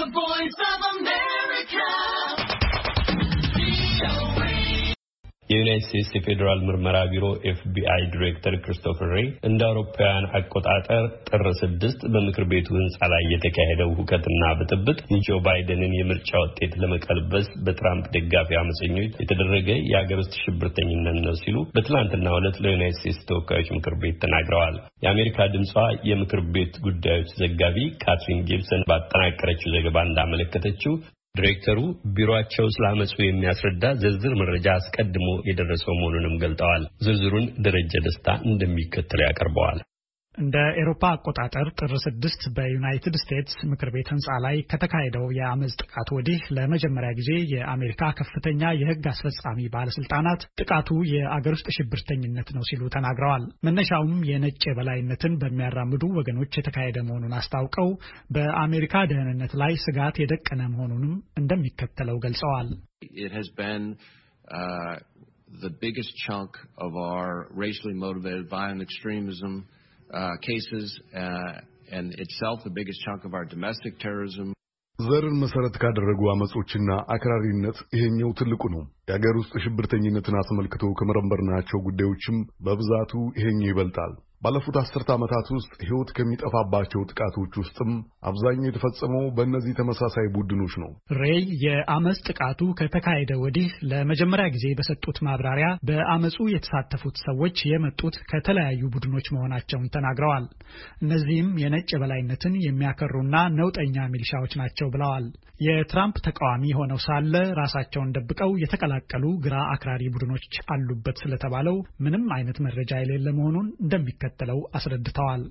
The voice of የዩናይት ስቴትስ የፌዴራል ምርመራ ቢሮ ኤፍቢአይ ዲሬክተር ክሪስቶፈር ሬይ እንደ አውሮፓውያን አቆጣጠር ጥር ስድስት በምክር ቤቱ ህንፃ ላይ የተካሄደው ሁከትና ብጥብጥ የጆ ባይደንን የምርጫ ውጤት ለመቀልበስ በትራምፕ ደጋፊ አመፀኞች የተደረገ የአገር ውስጥ ሽብርተኝነት ነው ሲሉ በትላንትና ዕለት ለዩናይት ስቴትስ ተወካዮች ምክር ቤት ተናግረዋል። የአሜሪካ ድምጿ የምክር ቤት ጉዳዮች ዘጋቢ ካትሪን ጊብሰን ባጠናቀረችው ዘገባ እንዳመለከተችው ዲሬክተሩ ቢሮአቸው ስላመፁ የሚያስረዳ ዝርዝር መረጃ አስቀድሞ የደረሰው መሆኑንም ገልጠዋል። ዝርዝሩን ደረጀ ደስታ እንደሚከተለው ያቀርበዋል። እንደ ኤሮፓ አቆጣጠር ጥር ስድስት በዩናይትድ ስቴትስ ምክር ቤት ህንፃ ላይ ከተካሄደው የአመፅ ጥቃት ወዲህ ለመጀመሪያ ጊዜ የአሜሪካ ከፍተኛ የህግ አስፈጻሚ ባለስልጣናት ጥቃቱ የአገር ውስጥ ሽብርተኝነት ነው ሲሉ ተናግረዋል። መነሻውም የነጭ የበላይነትን በሚያራምዱ ወገኖች የተካሄደ መሆኑን አስታውቀው በአሜሪካ ደህንነት ላይ ስጋት የደቀነ መሆኑንም እንደሚከተለው ገልጸዋል። uh, The biggest chunk of our racially motivated violent extremism Uh, cases, uh, and itself the biggest chunk of our domestic terrorism. ዘርን መሰረት ካደረጉ አመጾችና አክራሪነት ይሄኛው ትልቁ ነው። የሀገር ውስጥ ሽብርተኝነትን አስመልክቶ ከመረመርናቸው ጉዳዮችም በብዛቱ ይሄኛው ይበልጣል። ባለፉት አስርተ ዓመታት ውስጥ ሕይወት ከሚጠፋባቸው ጥቃቶች ውስጥም አብዛኛው የተፈጸመው በእነዚህ ተመሳሳይ ቡድኖች ነው። ሬይ የአመፅ ጥቃቱ ከተካሄደ ወዲህ ለመጀመሪያ ጊዜ በሰጡት ማብራሪያ በአመፁ የተሳተፉት ሰዎች የመጡት ከተለያዩ ቡድኖች መሆናቸውን ተናግረዋል። እነዚህም የነጭ የበላይነትን የሚያከሩና ነውጠኛ ሚሊሻዎች ናቸው ብለዋል። የትራምፕ ተቃዋሚ ሆነው ሳለ ራሳቸውን ደብቀው የተቀላቀሉ ግራ አክራሪ ቡድኖች አሉበት ስለተባለው ምንም አይነት መረጃ የሌለ መሆኑን እንደሚከተለው አስረድተዋል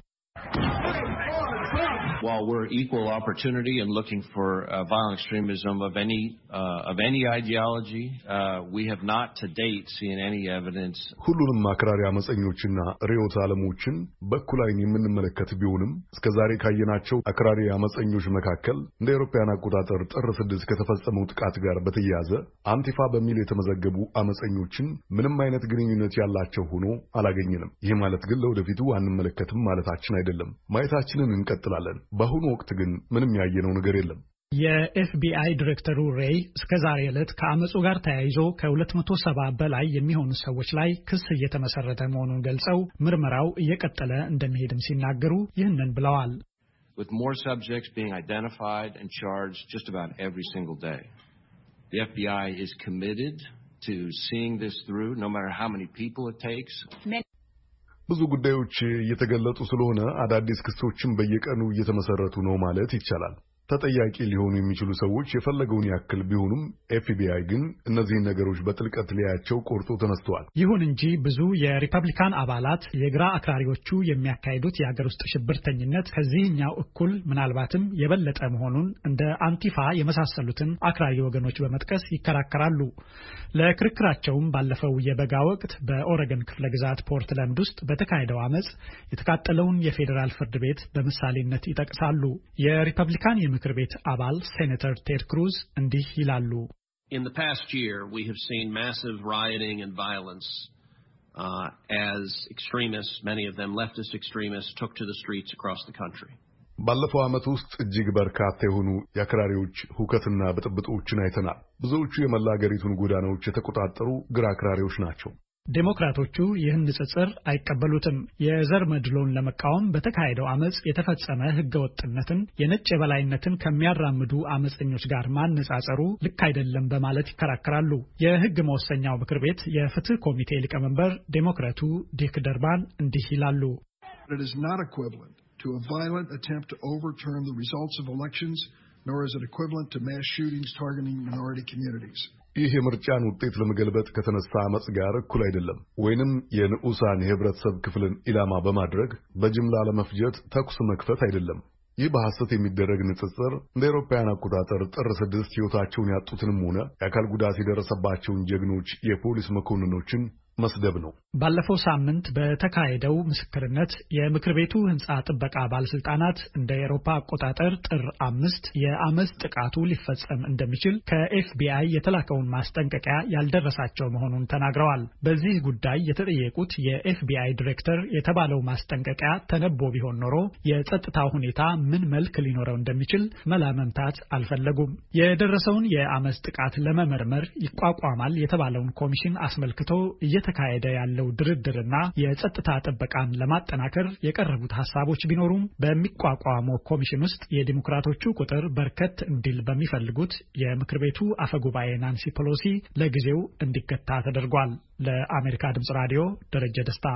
While we're equal opportunity and looking for uh, violent extremism of any uh, ideology, uh, we have not to date seen any evidence. ሁሉንም አክራሪ አመፀኞችና ርዕዮተ ዓለሞችን በኩል ዓይን የምንመለከት ቢሆንም እስከዛሬ ካየናቸው አክራሪ አመፀኞች መካከል እንደ አውሮፓውያን አቆጣጠር ጥር ስድስት ከተፈጸመው ጥቃት ጋር በተያያዘ አንቲፋ በሚል የተመዘገቡ አመፀኞችን ምንም አይነት ግንኙነት ያላቸው ሆኖ አላገኘንም። ይህ ማለት ግን ለወደፊቱ አንመለከትም ማለታችን አይደለም። አይደለም። ማየታችንን እንቀጥላለን። በአሁኑ ወቅት ግን ምንም ያየነው ነገር የለም። የኤፍቢአይ ዲሬክተሩ ሬይ እስከ ዛሬ ዕለት ከአመፁ ጋር ተያይዞ ከ270 በላይ የሚሆኑ ሰዎች ላይ ክስ እየተመሰረተ መሆኑን ገልጸው ምርመራው እየቀጠለ እንደሚሄድም ሲናገሩ ይህንን ብለዋል። With more subjects being identified and charged just about every single day, The FBI is committed to seeing this through, no matter how many people it takes. Many ብዙ ጉዳዮች እየተገለጡ ስለሆነ አዳዲስ ክሶችም በየቀኑ እየተመሰረቱ ነው ማለት ይቻላል። ተጠያቂ ሊሆኑ የሚችሉ ሰዎች የፈለገውን ያክል ቢሆኑም ኤፍቢአይ ግን እነዚህን ነገሮች በጥልቀት ሊያያቸው ቆርጦ ተነስተዋል። ይሁን እንጂ ብዙ የሪፐብሊካን አባላት የግራ አክራሪዎቹ የሚያካሂዱት የአገር ውስጥ ሽብርተኝነት ከዚህኛው እኩል ምናልባትም የበለጠ መሆኑን እንደ አንቲፋ የመሳሰሉትን አክራሪ ወገኖች በመጥቀስ ይከራከራሉ። ለክርክራቸውም ባለፈው የበጋ ወቅት በኦረገን ክፍለ ግዛት ፖርትላንድ ውስጥ በተካሄደው አመፅ የተቃጠለውን የፌዴራል ፍርድ ቤት በምሳሌነት ይጠቅሳሉ። የሪፐብሊካን ምክር ቤት አባል ሴኔተር ቴድ ክሩዝ እንዲህ ይላሉ። In the past year, we have seen massive rioting and violence uh, as extremists, many of them leftist extremists, took to the streets across the country. ባለፈው ዓመት ውስጥ እጅግ በርካታ የሆኑ የአክራሪዎች ሁከትና ብጥብጦችን አይተናል። ብዙዎቹ የመላ አገሪቱን ጎዳናዎች የተቆጣጠሩ ግራ አክራሪዎች ናቸው። ዴሞክራቶቹ ይህን ንጽጽር አይቀበሉትም። የዘር መድሎን ለመቃወም በተካሄደው አመፅ የተፈጸመ ህገወጥነትን የነጭ የበላይነትን ከሚያራምዱ አመፀኞች ጋር ማነጻጸሩ ልክ አይደለም በማለት ይከራከራሉ። የህግ መወሰኛው ምክር ቤት የፍትህ ኮሚቴ ሊቀመንበር ዴሞክራቱ ዲክ ደርባን እንዲህ ይላሉ። ይህ የምርጫን ውጤት ለመገልበጥ ከተነሳ አመፅ ጋር እኩል አይደለም፣ ወይንም የንዑሳን የህብረተሰብ ክፍልን ኢላማ በማድረግ በጅምላ ለመፍጀት ተኩስ መክፈት አይደለም። ይህ በሐሰት የሚደረግ ንጽጽር እንደ አውሮፓውያን አቆጣጠር ጥር ስድስት ሕይወታቸውን ያጡትንም ሆነ የአካል ጉዳት የደረሰባቸውን ጀግኖች የፖሊስ መኮንኖችን መስደብ ነው። ባለፈው ሳምንት በተካሄደው ምስክርነት የምክር ቤቱ ሕንፃ ጥበቃ ባለስልጣናት እንደ ኤሮፓ አቆጣጠር ጥር አምስት የአመፅ ጥቃቱ ሊፈጸም እንደሚችል ከኤፍቢአይ የተላከውን ማስጠንቀቂያ ያልደረሳቸው መሆኑን ተናግረዋል። በዚህ ጉዳይ የተጠየቁት የኤፍቢአይ ዲሬክተር የተባለው ማስጠንቀቂያ ተነቦ ቢሆን ኖሮ የጸጥታ ሁኔታ ምን መልክ ሊኖረው እንደሚችል መላመምታት አልፈለጉም። የደረሰውን የአመፅ ጥቃት ለመመርመር ይቋቋማል የተባለውን ኮሚሽን አስመልክቶ እየተ እየተካሄደ ያለው ድርድርና የጸጥታ ጥበቃን ለማጠናከር የቀረቡት ሀሳቦች ቢኖሩም በሚቋቋመው ኮሚሽን ውስጥ የዲሞክራቶቹ ቁጥር በርከት እንዲል በሚፈልጉት የምክር ቤቱ አፈጉባኤ ናንሲ ፖሎሲ ለጊዜው እንዲገታ ተደርጓል። ለአሜሪካ ድምጽ ራዲዮ ደረጀ ደስታ